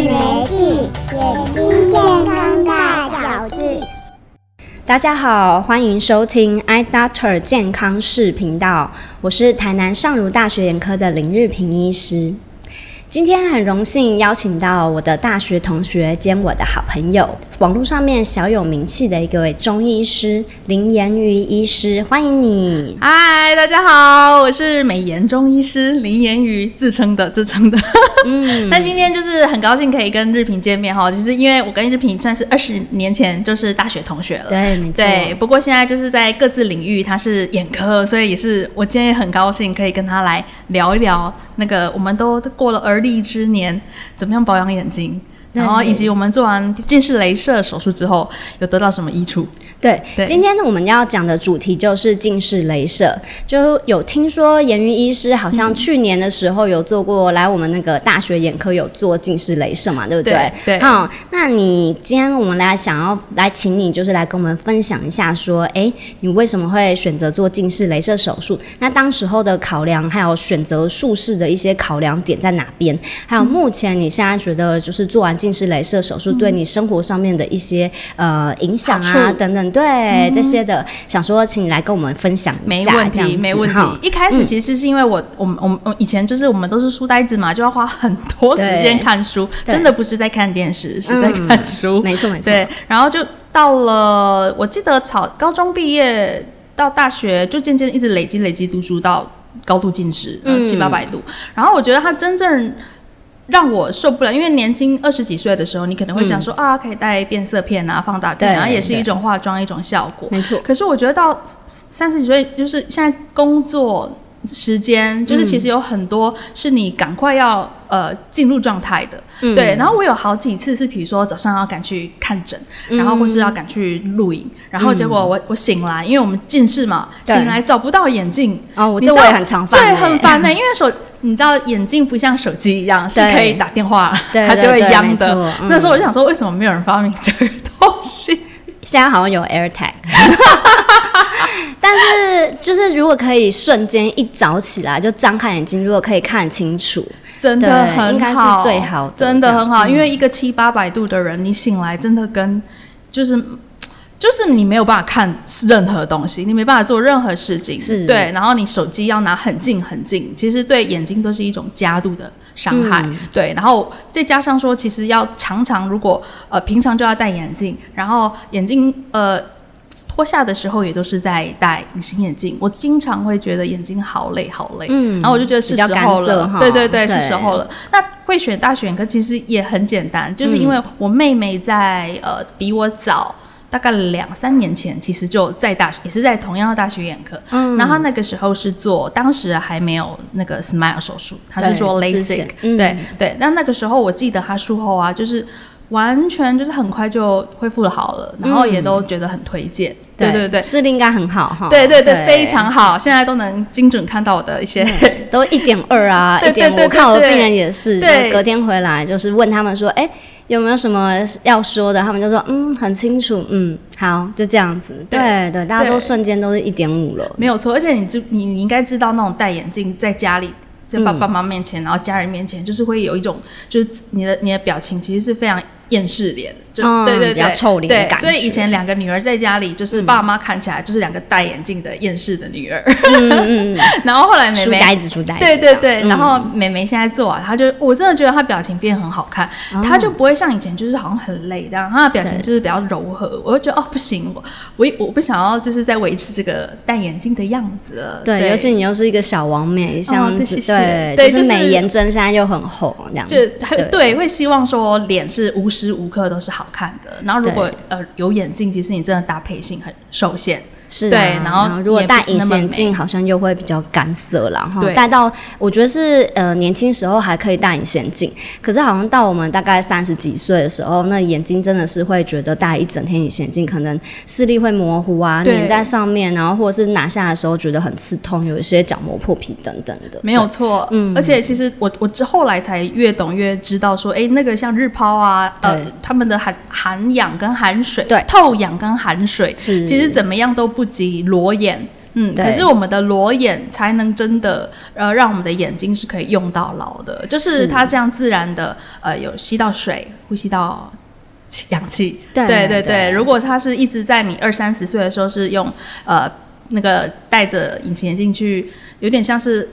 學習眼睛健康大小事。大家好，歡迎收聽 Eye Doctor 健康視頻道，我是台南尚儒大學眼科的林日蘋醫師。今天很榮幸邀請到我的大學同學兼我的好朋友，網絡上面小有名氣的一個位中醫師林妍余醫師，歡迎你！嗨，大家好，我是美顏中醫師林妍余，自稱的自稱的。的 嗯，那今天就是很高興可以跟日蘋見面哈，就是因為我跟日蘋算是二十年前就是大學同學了，對對。不過現在就是在各自領域，他是眼科，所以也是我今天也很高興可以跟他來聊一聊那個，我們都，都過了二。立之年，怎麼樣保養眼睛？然後以及我們做完近視雷射手術之後有得到什麼益處？對，對，今天我們要講的主題就是近視雷射，就有聽說妍余醫師好像去年的時候有做過來我們那個大學眼科有做近視雷射嘛，嗯、對不對，對？對。好，那你今天我們來想要來請你就是來跟我們分享一下說，說哎你為什麼會選擇做近視雷射手術？那當時候的考量還有選擇術式的一些考量點在哪邊？還有目前你現在覺得就是做完。近視雷射手術對你生活上面的一些、嗯、呃影響啊，啊等等，對、嗯、這些的，想說請你來跟我們分享一下，這樣沒問題，沒問題。一開始其實是因為我，我、嗯、們，我們以前就是我們都是書呆子嘛，就要花很多時間看書，真的不是在看電視，是在看書，嗯、沒錯沒錯。對，然後就到了，我記得草高中畢業到大學，就漸漸一直累積累積讀書到高度近視，嗯七八百度，然後我覺得它真正。讓我受不了，因為年輕二十幾歲的時候，你可能會想說、嗯、啊，可以戴變色片啊、放大片，啊，也是一種化妝、一種效果。沒錯。可是我覺得到三十幾歲，就是現在工作時間，嗯、就是其實有很多是你趕快要呃進入狀態的、嗯。對。然後我有好幾次是，比如說早上要趕去看診、嗯，然後或是要趕去錄影，然後結果我、嗯、我醒來，因為我們近視嘛，嗯、醒來找不到眼鏡。啊、哦，我這我也很常犯、欸。對，很煩呢、欸嗯，因為手。你知道眼鏡不像手機一樣是可以打電話，對對對，它就會秧的。那時候我就想說，為什麼沒有人發明這個東西？嗯，現在好像有 AirTag， 但是就是如果可以瞬間一早起來就張開眼睛，如果可以看清楚，真的很好，應該是最好的，真的很好。因為一個七八百度的人，你醒來真的跟就是。就是你沒有辦法看任何東西，你沒辦法做任何事情，是對。然後你手機要拿很近很近，其實對眼睛都是一種加度的傷害。嗯、對，然後再加上說，其實要常常如果呃平常就要戴眼鏡，然後眼鏡呃脫下的時候也都是在戴隱形眼鏡，我經常會覺得眼睛好累好累。嗯，然後我就覺得是時候了。對對對，對，是時候了。那會選大學眼科其實也很簡單，就是因為我妹妹在、嗯、呃比我早。大概兩三年前，其實就在大學，也是在同樣的大學眼科。嗯，然後那個時候是做當時還沒有那個 Smile 手術，他是做 LASIK。嗯，對對。但那個時候我記得他術後啊，就是完全就是很快就恢復了好了，然後也都覺得很推薦、嗯。對對對，視力應該很好哈。對對對，對，對，非常好。現在都能精準看到我的一些，都一點二啊。對對對，看我的病人也是，隔天回來就是問他們說，哎、欸。有沒有什麼要說的？他們就說嗯，很清楚，嗯，好，就這樣子。對對，對，大家都瞬間都是一點五了，沒有錯。而且你知你你應該知道，那種戴眼鏡在家裡在爸爸媽媽面前、嗯，然後家人面前，就是會有一種就是你的你的表情其實是非常厭世臉。嗯、對對對比較，臭臉的感覺，對，所以以前兩個女兒在家裡，就是爸媽看起來就是兩個戴眼鏡的厭世的女兒。嗯嗯嗯、 然後後來妹妹。書呆子，書呆子。對對對，嗯，然後妹妹現在做，啊，她就我真的覺得她表情變很好看，嗯，她就不會像以前就是好像很累這樣，她的表情就是比較柔和。我就覺得哦，不行，我我我不想要就是再維持這個戴眼鏡的樣子了對。對，尤其你又是一個小王妹，像這樣、哦、對、對、對，就是、就是、美顏針現在又很紅這樣子。就對、對、對、對，會希望說臉是無時無刻都是好看的，然後如果呃有眼鏡，其實你真的搭配性很受限。是、啊，對，然後，然後如果戴隱形眼鏡，好像又會比較乾澀了。戴到我覺得是呃年輕時候還可以戴隱形眼鏡，可是好像到我們大概三十幾歲的時候，那眼睛真的是會覺得戴一整天隱形眼鏡，可能視力會模糊啊，黏在上面，然後或者是拿下的時候覺得很刺痛，有一些角膜破皮等等的。沒有錯，嗯。而且其實我我之後來才越懂越知道說，哎，那個像日拋啊，呃，他們的含含氧跟含水，對，透氧跟含水，是，其實怎麼樣都不。不及裸眼，嗯，可是我們的裸眼才能真的呃，讓我們的眼睛是可以用到老的。就是它這樣自然的呃，有吸到水，呼吸到氧氣。對對對對，對，如果它是一直在你二三十歲的時候是用呃那個戴着隱形眼鏡去，有點像是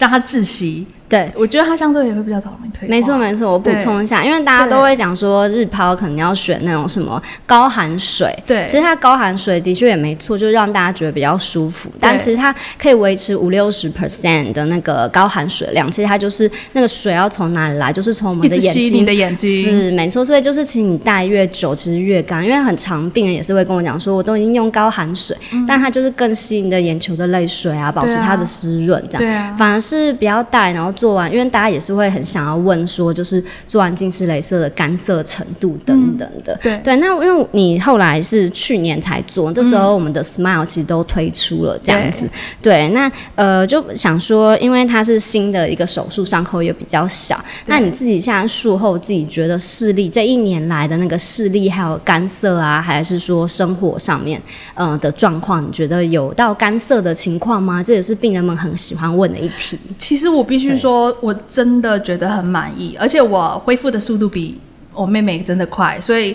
讓它窒息。對，我覺得它相對也會比較早推。沒錯沒錯，我補充一下，因為大家都會講說日拋可能要選那種什麼高含水。對，其實它高含水的確也沒錯，就是讓大家覺得比較舒服。但其實它可以維持五六十 percent 的那個高含水量。其實它就是那個水要從哪裡來，就是從我們的眼睛。的眼睛是沒錯，所以就是其實你戴越久，其實越乾，因為很常，病人也是會跟我講說，我都已經用高含水、嗯，但它就是更吸引你的眼球的淚水啊，保持它的濕潤這樣、對啊對啊。反而是比較淡，然後。做完，因為大家也是會很想要問說，就是做完近視雷射的乾澀程度等等的、嗯。對，對，那因為你後來是去年才做、嗯，這時候我們的 Smile 其實都推出了這樣子。對，對那呃，就想說，因為它是新的一個手術，傷口也比較小。那你自己現在術後自己覺得視力這一年來的那個視力，還有乾澀啊，還是說生活上面嗯、呃、的狀況，你覺得有到乾澀的情況嗎？這也是病人們很喜歡問的一題。其實我必須說。說我真的覺得很滿意，而且我恢復的速度比我妹妹真的快，所以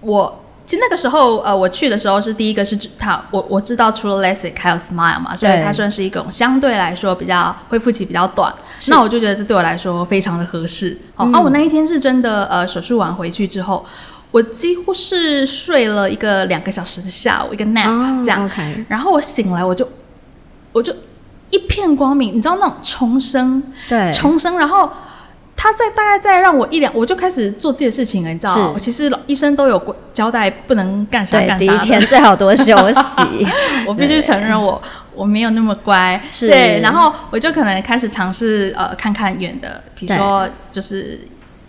我，我、嗯、其實那個時候呃，我去的時候是第一個是她，我我知道除了 LASIK 還有 Smile 嘛，所以她算是一種相對來說比較恢復期比較短，那我就覺得這對我來說非常的合適。哦、嗯啊，我那一天是真的呃，手術完回去之後，我幾乎是睡了一個兩個小時的下午一個 nap、哦、這樣、okay，然後我醒來我就我就。一片光明，你知道那種重生，對重生，然後他在大概再讓我一兩，我就開始做自己的事情了，你知道，我其實醫生都有交代不能幹啥幹啥，第一天最好多休息。 我必須承認我，我我沒有那麼乖，是。對，然後我就可能開始嘗試呃，看看遠的，比如說就是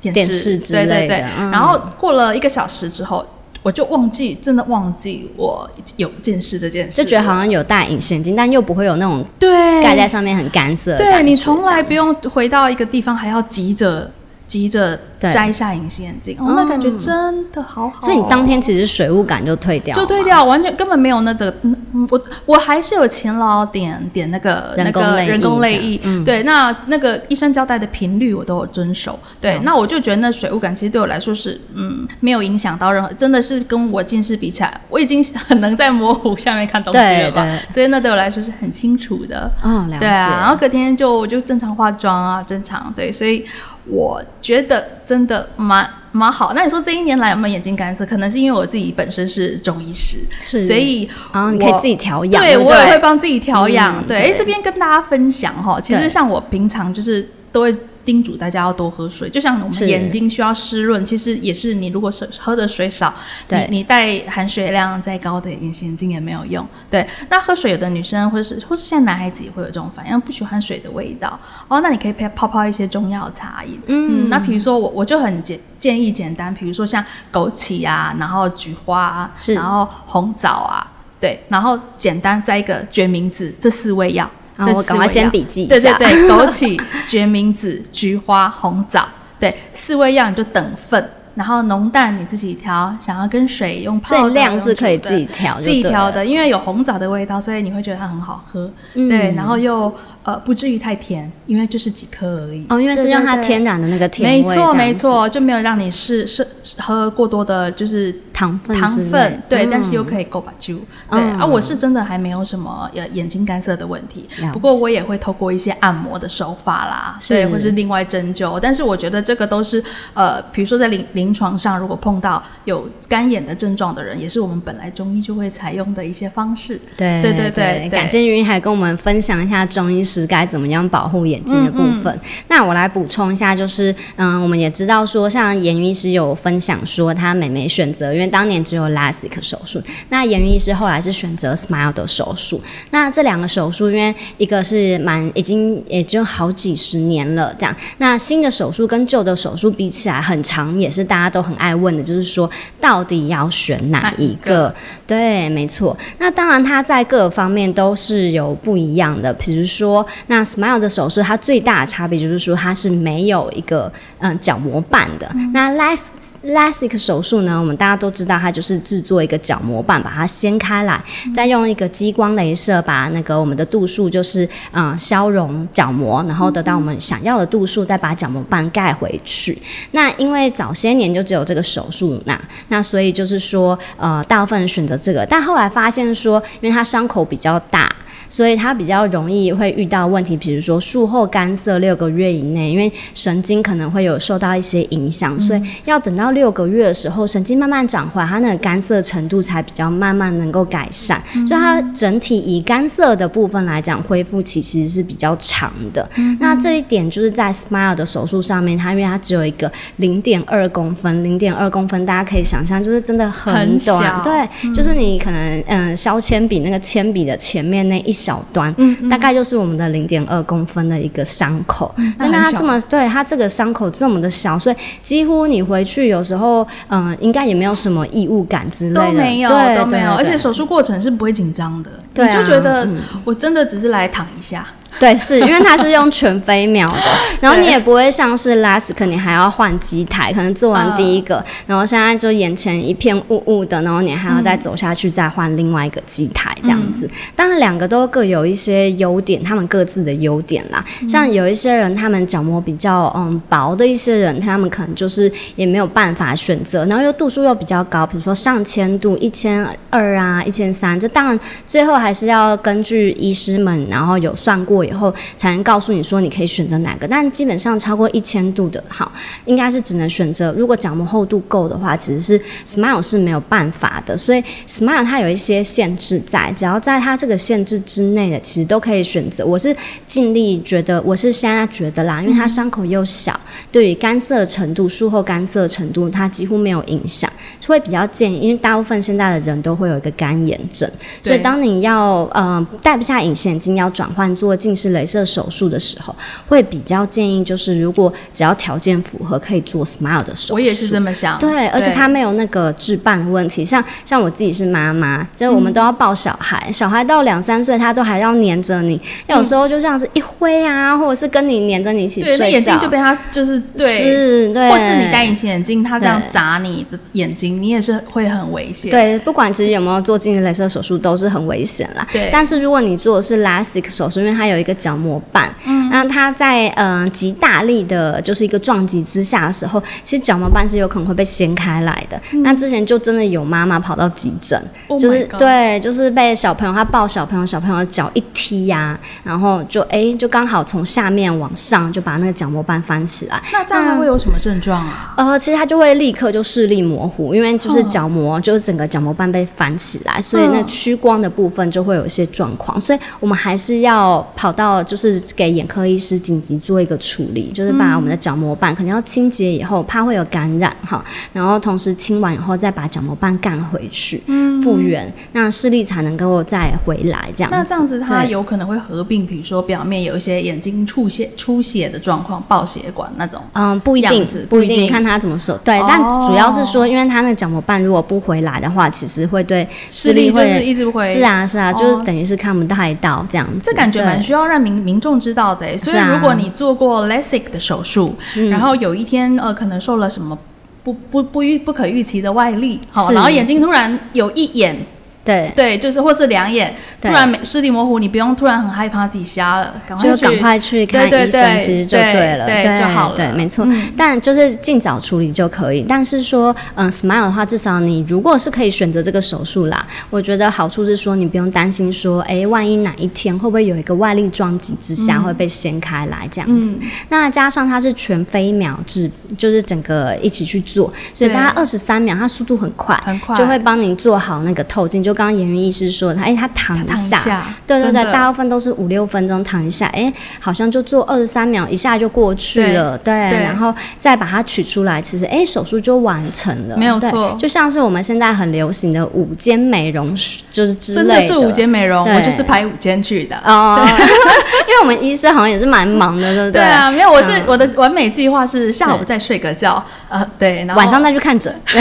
電視，對電視之類的，對對，對、嗯。然後過了一個小時之後。我就忘記，真的忘記我有近視這件事，就覺得好像有戴隱形眼鏡，但又不會有那種對蓋在上面很乾澀的感覺。對，對你從來不用回到一個地方還要急着急着。摘下隱形眼鏡，那感覺真的好好、喔。所以你當天其實水霧感就退掉，就退掉，完全根本沒有那個、嗯。我我還是有勤勞點點那個那個人工淚液、嗯。對，那那個醫生交代的頻率我都有遵守。對，那我就覺得那水霧感其實對我來說是嗯沒有影響到任何，真的是跟我近視比起來，我已經很能在模糊下面看東西了吧？對對對所以那對我來說是很清楚的。嗯、哦，了解。對啊，然後隔天就就正常化妝啊，正常對。所以我覺得。真的蠻蠻好，那你說這一年來有沒有眼睛乾澀？可能是因為我自己本身是中醫師，是。所以啊、嗯，你可以自己調養。對，對、對我也會幫自己調養、嗯。對，哎、欸，這邊跟大家分享哈，其實像我平常就是都會。叮囑大家要多喝水，就像我們眼睛需要濕潤，其實也是你如果是喝的水少，對你戴含水量再高的隱形眼鏡也沒有用。對，那喝水有的女生或是或是像男孩子也會有這種反應，不喜歡水的味道哦。那你可以泡泡一些中藥茶飲。嗯，那比如說我我就很建建議簡單，比如說像枸杞啊，然後菊花啊，然後紅棗啊，對，然後簡單再一個決明子，這四味藥。啊，我趕快先筆記一下。對對對，枸杞、決明子、菊花、紅棗，對， 四味藥你就等份。然後濃淡你自己調，想要跟水用泡量是可以自己調，自己調的，因為有紅棗的味道，所以你會覺得它很好喝，嗯、對。然後又呃不至於太甜，因為就是幾顆而已哦，因為是用它天然的那個甜味，對對對沒錯沒錯，就沒有讓你是是喝過多的，就是糖分糖分，嗯、對，但是又可以夠把酒、嗯。對啊，我是真的還沒有什麼眼睛乾澀的問題，不過我也會透過一些按摩的手法啦是，對，或是另外針灸，但是我覺得這個都是呃，比如說在零零。臨床上，如果碰到有乾眼的症狀的人，也是我們本來中醫就會採用的一些方式。對對對對，感謝妍余還跟我們分享一下中醫師該怎麼樣保護眼睛的部分。嗯嗯，那我來補充一下，就是嗯，我們也知道說，像妍余醫師有分享說，她妹妹選擇因為當年只有 LASIK 手術，那妍余醫師後來是選擇 Smile 的手術。那這兩個手術，因為一個是蠻已經也就好幾十年了，這樣，那新的手術跟舊的手術比起來，很長也是大。大家都很愛問的，就是說到底要選哪一個？哪一個？對，沒錯。那當然，它在各個方面都是有不一樣的。比如說，那 Smile 的手術，它最大的差別就是說，它是沒有一個嗯角膜瓣的。嗯、那 LAS LASIK 手術呢，我們大家都知道，它就是制作一個角膜瓣，把它掀開來，嗯、再用一個激光鐳射把那個我們的度數就是嗯消融角膜，然後得到我們想要的度數，嗯嗯，再把角膜瓣蓋回去。那因為早些年就只有這個手術啊，那那，所以就是說，呃，大部分人選擇這個，但後來發現說，因為他傷口比較大。所以它比較容易會遇到問題，比如說術後乾澀六個月以內，因為神經可能會有受到一些影響、嗯，所以要等到六個月的時候，神經慢慢長回來，它那個乾澀程度才比較慢慢能夠改善。嗯、所以它整體以乾澀的部分來講，恢復期其實是比較長的、嗯。那這一點就是在 Smile 的手術上面，它因為它只有一個零點二公分，零點二公分，大家可以想象就是真的很短，很小、對、嗯，就是你可能嗯削鉛筆那個鉛筆的前面那一。呃小端嗯，嗯，大概就是我們的零點二公分的一個傷口，嗯、那它這麼，對它這個傷口這麼的小，所以幾乎你回去有時候，嗯、呃，應該也沒有什麼異物感之類的，都沒有，對都沒有，對對對，而且手術過程是不會緊張的，對啊，你就覺得我真的只是來躺一下。嗯對，是因為它是用全飛秒的， 然後你也不會像是 LASIK 可能你還要換機台，可能做完第一個，uh, 然後現在就眼前一片霧霧的，然後你還要再走下去，嗯、再換另外一個機台這樣子。嗯、當然，兩個都各有一些優點，他們各自的優點啦。嗯、像有一些人，他們角膜比較嗯薄的一些人，他們可能就是也沒有辦法選擇，然後又度數又比較高，比如說上千度、一千二啊、一千三，這當然最後還是要根據醫師們，然後有算過。以後才能告訴你說你可以選擇哪個，但基本上超過一千度的哈，應該是只能選擇。如果角膜厚度夠的話，其實是 Smile 是沒有辦法的，所以 Smile 它有一些限制在，只要在它這個限制之內的，其實都可以選擇。我是盡力覺得，我是現在覺得啦，因為它傷口又小，對於乾澀程度、術後乾澀程度，它幾乎沒有影響。會比較建議，因為大部分現在的人都會有一個乾眼症，所以當你要呃戴不下隱形眼鏡，要轉換做近視雷射手術的時候，會比較建議就是如果只要條件符合，可以做 SMILE 的手術。我也是這麼想。對，對而且他沒有那個置辦問題。像像我自己是媽媽，就是我們都要抱小孩、嗯，小孩到兩三歲，他都還要黏着你，嗯、有時候就這樣子一揮啊，或者是跟你黏着你一起睡覺，對眼睛就被他就是，對，是對，或是你戴隱形眼鏡，他這樣砸你的眼睛。你也是會很危險，對，不管其實有沒有做近視雷射手術，都是很危險啦。對，但是如果你做的是 LASIK 手術，因為它有一個角膜瓣。嗯那他在嗯極大力的，就是一個撞擊之下的時候，其實角膜瓣是有可能會被掀開來的。嗯、那之前就真的有媽媽跑到急診、oh，就是對，就是被小朋友，她抱小朋友，小朋友腳一踢呀、啊，然後就哎、欸、就剛好從下面往上就把那個角膜瓣翻起來。那這樣會有什麼症狀啊、嗯？呃，其實他就會立刻就視力模糊，因為就是角膜、oh. 就是整個角膜瓣被翻起來，所以那屈光的部分就會有一些狀況。Oh. 所以我們還是要跑到就是給眼科。科醫師緊急做一個處理，就是把我們的角膜瓣可能要清潔以後，怕會有感染哈。然後同時清完以後，再把角膜瓣蓋回去，復、嗯、原，那視力才能夠再回來這樣子。那這樣子，他有可能會合併，比如說表面有一些眼睛出血、出血的狀況，爆血管那種。嗯，不一定，不一定看他怎麼說。對，哦、但主要是說，因為他那角膜瓣如果不回來的話，其實會對視力會視力是一直不會。是啊，是啊，哦、就是等於是看不太到這樣子。這感覺蠻需要讓民民眾知道的。所以，如果你做過 LASIK 的手術，啊，然後有一天，呃，可能受了什麼不不不預不可預期的外力，好，啊，然後眼睛突然有一眼。對對，就是或是兩眼突然沒視力模糊，你不用突然很害怕自己瞎了，趕快就趕快去看醫生，其實就對了，對對對對對對對就好了。對，沒錯、嗯。但就是盡早處理就可以。但是說，嗯，smile 的話，至少你如果是可以選擇這個手術啦，我覺得好處是說，你不用擔心說，哎、欸，萬一哪一天會不會有一個外力撞擊之下會被掀開來這樣子。嗯、那加上它是全飛秒只，就是整個一起去做，所以大概二十三秒，它速度很快，很快就會幫你做好那個透鏡就。剛剛妍余醫師說他，哎、欸，他躺一，躺一下，對對對，大，大部分都是五六分鐘躺一下，哎、欸，好像就做二十三秒，一下就過去了對對，對，然後再把它取出來，其實哎、欸，手術就完成了，沒有錯，就像是我們現在很流行的午間美容，就是之類的真的是午間美容，我就是拍午間劇的哦，嗯、 因為我們醫生好像也是蠻忙的，對不對、嗯？對啊，沒有，我是、嗯、我的完美計劃是下午再睡個覺，呃，對然後，晚上再去看診，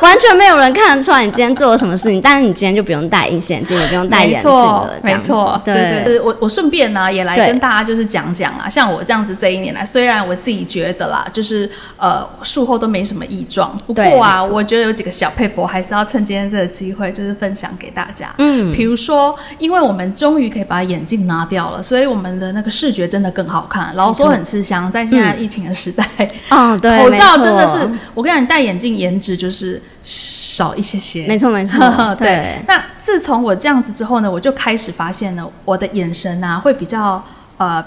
完全沒有人看得出來你今天做了什麼事情， 但是你。今天就不用戴隱形眼鏡，也不用戴眼鏡了沒錯，沒錯，對，對，對，對，對對。我我順便呢、啊，也來跟大家就是講講啊。像我這樣子，這一年來，雖然我自己覺得啦，就是呃術後都沒什麼異狀。不過啊，我覺得有幾個小撇步，還是要趁今天這個機會，就是分享給大家。嗯。比如說，因為我們終於可以把眼鏡拿掉了，所以我們的那個視覺真的更好看。然後說很吃香，在現在疫情的時代啊、嗯嗯哦，對，口罩真的是。我跟你講，戴眼鏡，顏值就是。少一些些，沒錯沒錯，對, 對。那自從我這樣子之後呢，我就開始發現了，我的眼神呢、啊、會比較呃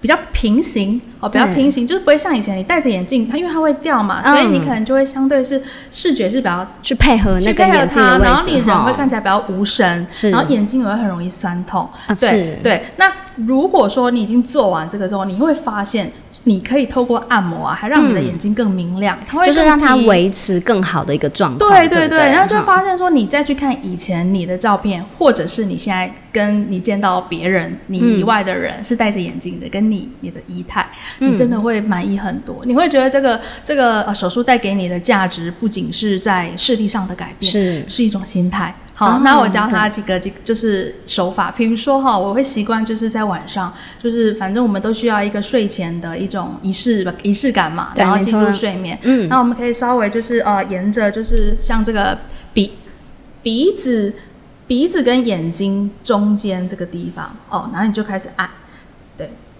比較平行哦，比較平行，較平行，就是不會像以前你戴着眼鏡，它因為它會掉嘛、嗯，所以你可能就會相對是視覺是比較去配合那個眼鏡的位置，去配合它，然後你人會看起來比較無神，是然後眼睛也會很容易酸痛。啊、對對，那。如果說你已經做完這個之後，你會發現你可以透過按摩啊，還讓你的眼睛更明亮，嗯、它會就是讓它維持更好的一個狀態。對對對，然後就發現說，你再去看以前你的照片，或者是你現在跟你見到別人你以外的人是戴着眼鏡的，嗯、跟你你的儀態，你真的會滿意很多。嗯、你會覺得這個這個手術帶給你的價值，不僅是在視力上的改變，是是一種心態。好，oh, 那我教他幾個，就就是手法。比如說哈、哦，我會習慣就是在晚上，就是反正我們都需要一個睡前的一種儀式吧，儀式感嘛，然後進入睡眠、啊。嗯，那我們可以稍微就是呃，沿着就是像這個鼻鼻子鼻子跟眼睛中間這個地方哦，然後你就開始按。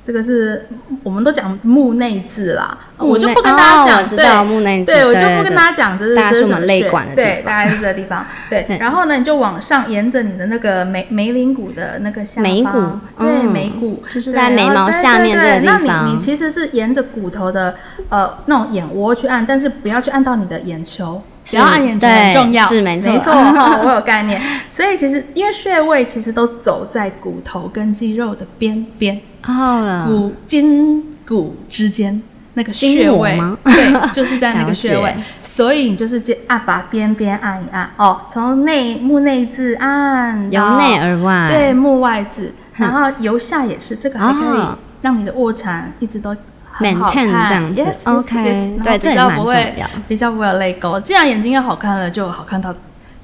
這個是，我們都講目內眥啦內，我就不跟大家講。這、哦、知道目內眥。對，我就不跟大家講，這是這是什麼淚管的地方，對，大概是這個地方。 對，然後呢，你就往上沿着你的那個眉眉稜骨的那個下方，眉骨，對，嗯、眉骨就是在眉毛下面這個地方。你其實是沿着骨頭的，呃，那種眼窩去按，但是不要去按到你的眼球。只要按眼睛很重要，對，是沒錯，沒錯哦、 我有概念。所以其實因為穴位其實都走在骨頭跟肌肉的邊邊，哦、oh、了，骨筋骨之間那個穴位對，就是在那個穴位。了解。所以你就是這，按把邊邊按一按哦，從內目內至目內眥按，由內而外。對，目外至目外眥，然後由下也是，這個還可以讓你的臥蠶一直都。蠻好，好看，這樣子 yes, yes,，OK，對、yes, okay,，比較不會，比較不會有淚溝，這樣眼睛要好看了，就好看到。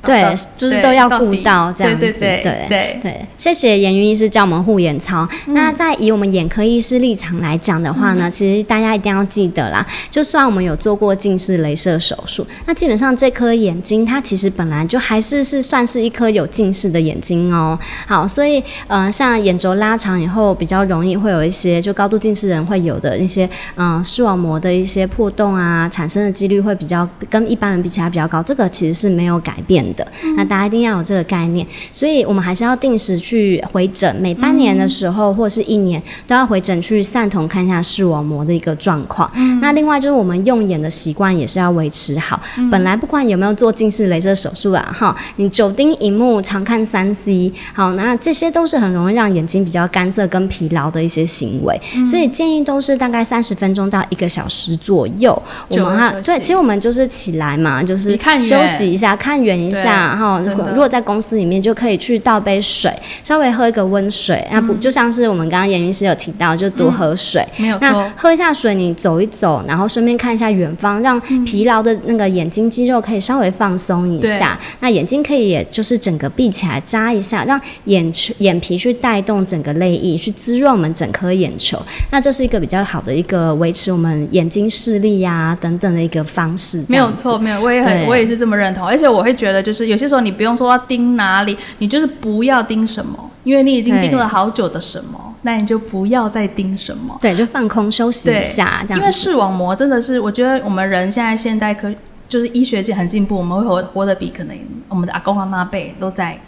對、啊，就是都要顧到對，這樣子，對對對對，對，謝謝妍余醫師教我們護眼操。嗯、那在以我們眼科醫師立場來講的話呢、嗯，其實大家一定要記得啦，就算我們有做過近視雷射手術，嗯、那基本上這顆眼睛它其實本來就還是是算是一顆有近視的眼睛哦。好，所以呃，像眼軸拉長以後，比較容易會有一些就高度近視人會有的一些嗯、呃、視網膜的一些破洞啊，產生的幾率會比較跟一般人比起來比較高，這個其實是沒有改變的。的、嗯，那大家一定要有這個概念，所以我們還是要定時去回診，每半年的時候、嗯、或是一年都要回診去散瞳看一下視網膜的一個狀況、嗯。那另外就是我們用眼的習慣也是要維持好、嗯，本來不管有沒有做近視雷射手術啊，哈、嗯，你久盯螢幕，常看三 C，好，那這些都是很容易讓眼睛比較乾澀跟疲勞的一些行為、嗯，所以建議都是大概三十分鐘到一個小時左右，我們哈，對，其實我們就是起來嘛，就是休息一下，看遠一些。然後如果，如果在公司裡面，就可以去倒杯水，稍微喝一個溫水。嗯、那不就像是我們剛剛妍余醫師有提到，就多喝水。沒有錯。那喝一下水，你走一走，然後順便看一下遠方，讓疲勞的那個眼睛肌肉可以稍微放鬆一下。那眼睛可以也就是整個閉起來眨一下，讓眼球眼皮去帶動整個淚液去滋潤我們整顆眼球。那這是一個比較好的一個維持我們眼睛視力呀、啊、等等的一個方式。沒有錯，沒有，我也很我也是這麼認同，而且我會覺得就是。就是有些時候你不用說要盯哪裡，你就是不要盯什麼，因為你已經盯了好久的什麼，那你就不要再盯什麼，對，就放空休息一下，這樣子。因為視網膜真的是，我覺得我們人現在現代科就是醫學界很進步，我們會活得比可能我們的阿公阿媽輩都在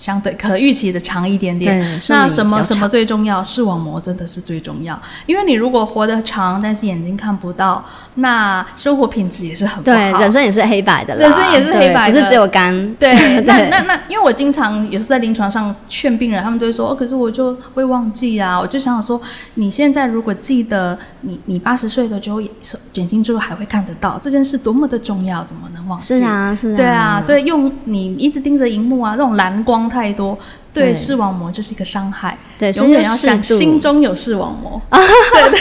相對可預期的長一點點。對，那什麼什麼最重要？視網膜真的是最重要，因為你如果活得長，但是眼睛看不到，那生活品質也是很不好，對，人生也是黑白的啦，人生也是黑白的，不是只有肝。對， 對，那那那，因為我經常也是在臨床上勸病人，他們都會說哦，可是我就會忘記啊，我就想想說，你現在如果記得你你八十歲的時候，眼睛之後還會看得到，這件事多麼的重要，怎麼能忘記？是啊，是啊，對啊，所以用你一直盯着熒幕啊，那種藍光。太多。對，對視網膜就是一個傷害，對，所以你要想心中有視網膜啊，對對。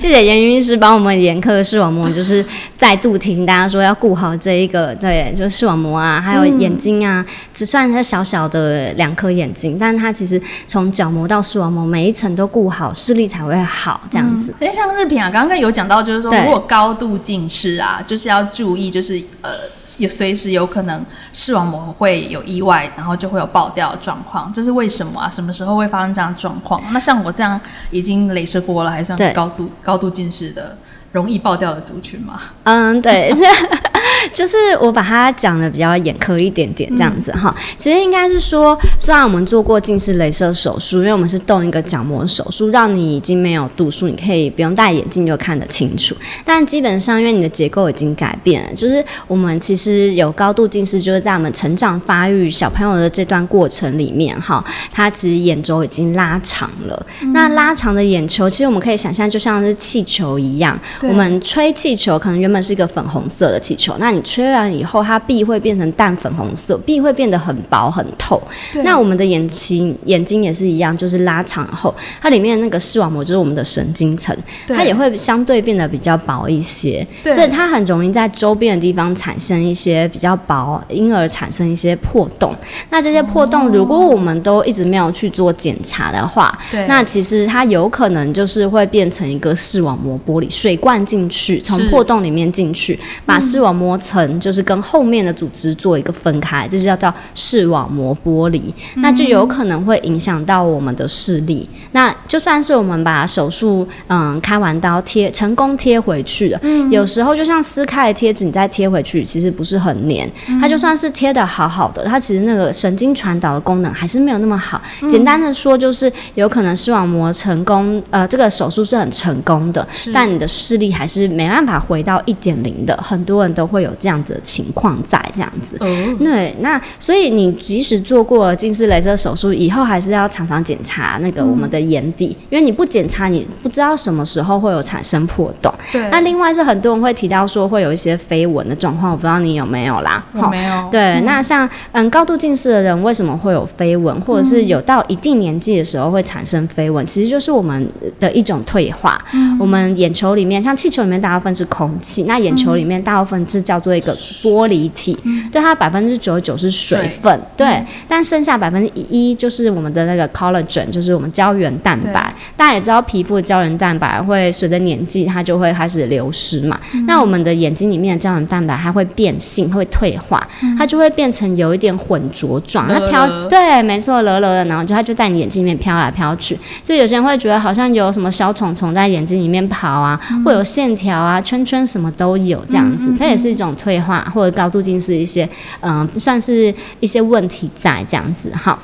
謝謝妍余醫師幫我們嚴苛視網膜， 就是再度提醒大家說，要顧好這一個，對，就是視網膜啊，還有眼睛啊。嗯、只算是小小的兩顆眼睛，但是它其實從角膜到視網膜每一層都顧好，視力才會好這樣子。因、嗯、為像日蘋啊，剛，剛剛有講到，就是說如果高度近視啊，就是要注意，就是呃，有隨時有可能視網膜會有意外，然後就會有爆掉。狀況，這是為什麼啊？什麼時候會發生這樣的狀況？那像我這樣已經雷射過了，還是高度高度近視的，容易爆掉的族群嗎？嗯，對。 就是我把它講的比較眼科一點點這樣子哈、嗯，其實應該是說，雖然我們做過近視雷射手術，因為我們是動一個角膜手術，讓你已經沒有度數，你可以不用戴眼鏡就看得清楚。但基本上因為你的結構已經改變了，就是我們其實有高度近視，就是在我們成長發育小朋友的這段過程裡面哈，他其實眼軸已經拉長了、嗯。那拉長的眼球，其實我們可以想象就像是氣球一樣，我們吹氣球可能原本是一個粉紅色的氣球，那那你吹完以後，它壁會變成淡粉紅色，壁會變得很薄很透。那我們的眼睛，眼睛也是一樣，就是拉長後，它裡面的那個視網膜就是我們的神經層，它也會相對變得比較薄一些。所以它很容易在周邊的地方產生一些比較薄，因而產生一些破洞。那這些破洞、嗯哦、如果我們都一直沒有去做檢查的話，那其實它有可能就是會變成一個視網膜剝離，水灌進去，從破洞裡面進去，把視網膜、嗯。層就是跟後面的組織做一個分開，這就叫做視網膜剝離、嗯，那就有可能會影響到我們的視力。那就算是我們把手術嗯開完刀貼成功貼回去的、嗯、有時候就像撕開的貼紙，你再貼回去其實不是很黏。嗯、它就算是貼得好好的，它其實那個神經傳導的功能還是沒有那麼好。簡單的說就是有可能視網膜成功呃這個手術是很成功的，但你的視力還是沒辦法回到一點零的，很多人都會有。有這樣子的情況在這樣子、oh.，對，那所以你即使做過近視雷射手術以後，還是要常常檢查那個我們的眼底，嗯、因為你不檢查，你不知道什麼時候會有產生破洞。對。那另外是很多人會提到說會有一些飛蚊的狀況，我不知道你有沒有啦。我沒有。對、嗯，那像嗯高度近視的人為什麼會有飛蚊，或者是有到一定年紀的時候會產生飛蚊、嗯，其實就是我們的一種退化。嗯、我們眼球裡面像氣球裡面大部分是空氣、嗯，那眼球裡面大部分是膠叫做一個玻璃體，嗯、對它百分之九十九是水分，對，對嗯、但剩下百分之一就是我們的那個 collagen，就是我們膠原蛋白。大家也知道，皮膚的膠原蛋白會隨着年紀，它就會開始流失嘛、嗯。那我們的眼睛裡面的膠原蛋白，它會變性，會退化，嗯、它就會變成有一點渾濁狀，它飄，對，沒錯，柔柔的，然後就它就在你眼睛裡面飄來飄去，所以有些人會覺得好像有什麼小蟲蟲在眼睛裡面跑啊，會、嗯、有線條啊、圈圈什麼都有，這樣子、嗯嗯嗯，它也是一種。退化或者高度近視一些，嗯、呃，算是一些問題在這樣子，哈。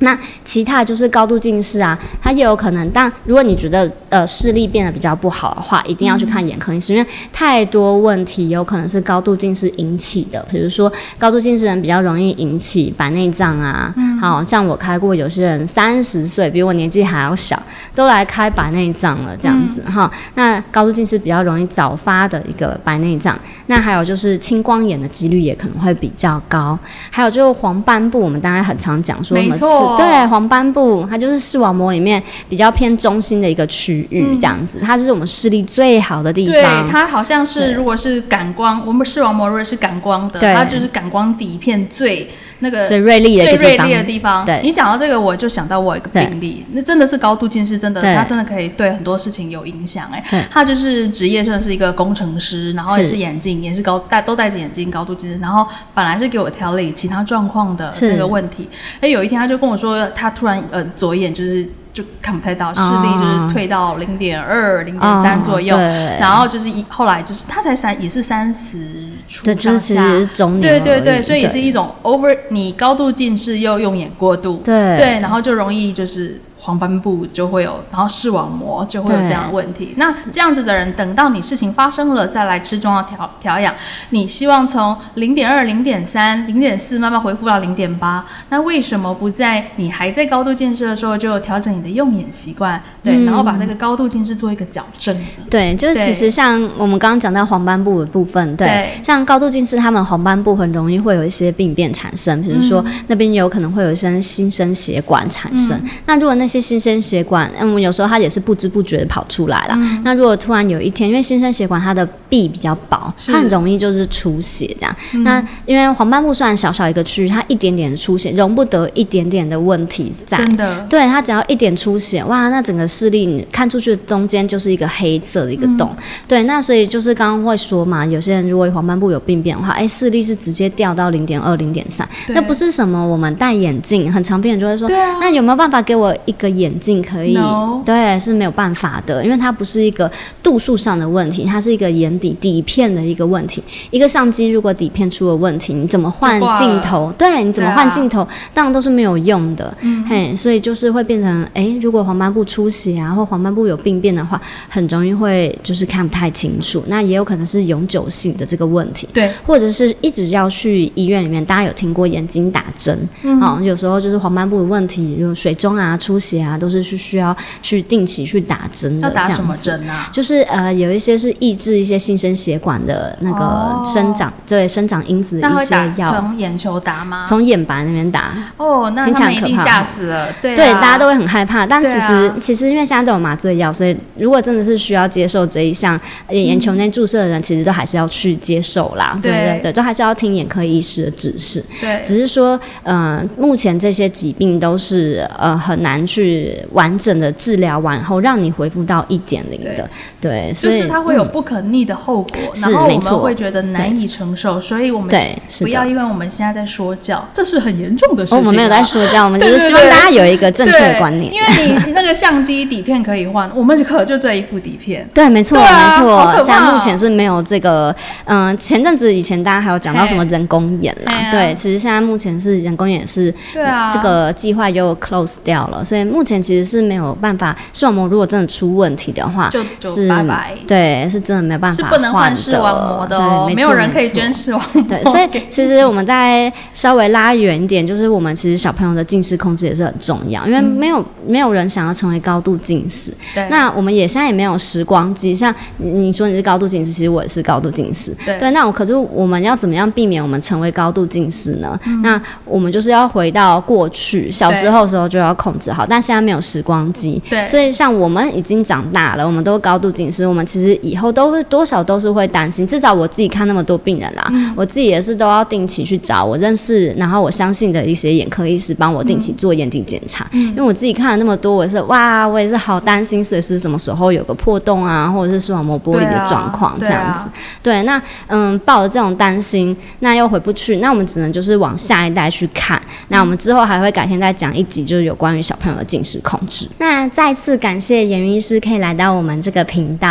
那其他就是高度近視啊，它也有可能。但如果你覺得呃視力變得比較不好的話，一定要去看眼科醫生、嗯，因為太多問題有可能是高度近視引起的。比如說，高度近視人比較容易引起白內障啊，嗯、好像我開過有些人三十歲，比我年紀還要小，都來開白內障了這樣子哈、嗯。那高度近視比較容易早發的一個白內障，那還有就是青光眼的幾率也可能會比較高，還有就是黃斑部，我們當然很常講說什麼是，沒錯對黃斑部，它就是視網膜裡面比較偏中心的一個區域，這樣子，嗯，它是我們視力最好的地方。對，它好像是如果是感光，我們視網膜如果是感光的，它就是感光底片最那個最銳利的最銳利的地方。對你講到這個，我就想到我有一個病例，那真的是高度近視，真的對，它真的可以對很多事情有影響，欸。哎，他就是職業算是一個工程師，然後也是眼鏡，也是高戴都戴着眼鏡高度近視，然後本來是給我調理其他狀況的那個問題，哎，欸，有一天他就跟我。說他突然呃左眼就是就看不太到視力，就是退到零點二零點三左右、嗯，然後就是一後來就是他才三也是三十出上下，對、就是中，對對對，所以也是一種 over 你高度近視又用眼過度，對，對然後就容易就是。黃斑部就會有，然後視網膜就會有這樣的問題。那這樣子的人，等到你事情發生了再來吃中藥調調養，你希望從零點二、零點三、零點四慢慢恢復到零點八。那為什麼不在你還在高度近視的時候就調整你的用眼習慣？嗯、對，然後把這個高度近視做一個矯正。對，就是其實像我們剛剛講到黃斑部的部分，對，對像高度近視他們黃斑部很容易會有一些病變產生，比如說、嗯、那邊有可能會有一些新生血管產生。嗯、那如果那些新生血管，嗯，有時候它也是不知不覺的跑出來了、嗯。那如果突然有一天，因為新生血管它的壁比較薄，它很容易就是出血這樣。嗯、那因為黃斑部雖然小小一個區域，它一點點出血，容不得一點點的問題在。真的。對，它只要一點出血，哇，那整個視力你看出去的中間就是一個黑色的一個洞。嗯、對，那所以就是剛剛會說嘛，有些人如果黃斑部有病變的話，哎、欸，視力是直接掉到零點二、零點三。那不是什麼我們戴眼鏡，很常病人就會說、啊，那有沒有辦法給我一個？眼鏡可以，no. 對，是沒有辦法的，因為它不是一個度數上的問題，它是一個眼底底片的一個問題。一個相機如果底片出了問題，你怎麼換鏡頭？對，你怎麼換鏡頭、啊？當然都是沒有用的、嗯。嘿，所以就是會變成，哎、欸，如果黃斑部出血啊，或黃斑部有病變的話，很容易會就是看不太清楚。那也有可能是永久性的這個問題，對，或者是一直要去醫院裡面。大家有聽過眼睛打針？啊、嗯哦，有時候就是黃斑部的問題，有水腫啊，出血。啊，都是是需要去定期去打針的，打什麼針呢、啊？就是呃，有一些是抑制一些新生血管的那個生長，哦、對生長因子的一些藥。從眼球打嗎？從眼白那邊打。哦，那聽起來可怕，他們一定嚇死了，對、啊、對，大家都會很害怕。但其實、啊、其實因為現在都有麻醉藥，所以如果真的是需要接受這一項眼球內注射的人，其實都還是要去接受啦，嗯、對不對？對，都還是要聽眼科醫師的指示。對，只是說，嗯、呃，目前這些疾病都是呃很難去。是完整的治療完後，讓你恢復到一點零的對，對，所以，就是，它會有不可逆的後果，嗯，是沒錯，然後我們會覺得難以承受，所以我們對，是不要因為我們現在在說教，這是很嚴重的事情的，哦。我們沒有在說教，我們只是希望大家有一個正確的觀念。對對對對。因為你那個相機底片可以換，我們可就這一副底片。對，沒錯，啊，沒錯，啊。現在目前是沒有這個，嗯、呃，前陣子以前大家還有講到什麼人工眼啦，啊，對，其實現在目前是人工眼是，對啊，這個計劃又 close 掉了，所以。目前其實是沒有辦法，視網膜如果真的出問題的話，就,就是拜,拜對，是真的沒有辦法，是不能換視網膜的、哦對沒，沒有人可以捐視網膜。 對，所以其實我們再稍微拉遠一點，就是我們其實小朋友的近視控制也是很重要，因為沒有、嗯、沒有人想要成為高度近視。對那我們也現在也沒有時光機，像你說你是高度近視，其實我也是高度近視對。對，那我可是我們要怎麼樣避免我們成為高度近視呢？嗯、那我們就是要回到過去小時候的時候就要控制好，但那現在沒有時光機，對，所以像我們已經長大了，我們都高度近視，我們其實以後都會多少都是會擔心。至少我自己看那麼多病人啦、嗯，我自己也是都要定期去找我認識，然後我相信的一些眼科醫師幫我定期做眼底檢查、嗯。因為我自己看了那麼多，我也是哇，我也是好擔心，隨時什麼時候有個破洞啊，或者是視網膜玻璃的狀況這樣子。對，啊對，啊對，那嗯，抱着這種擔心，那又回不去，那我們只能就是往下一代去看。嗯、那我們之後還會改天再講一集，就是有關於小朋友的。進食控制。那再次感謝妍余醫師，可以來到我們這個頻道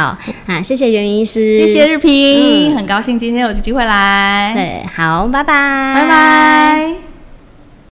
啊，謝謝妍余醫師，謝謝日蘋、嗯，很高興今天有機會來。對，好，拜拜，拜拜。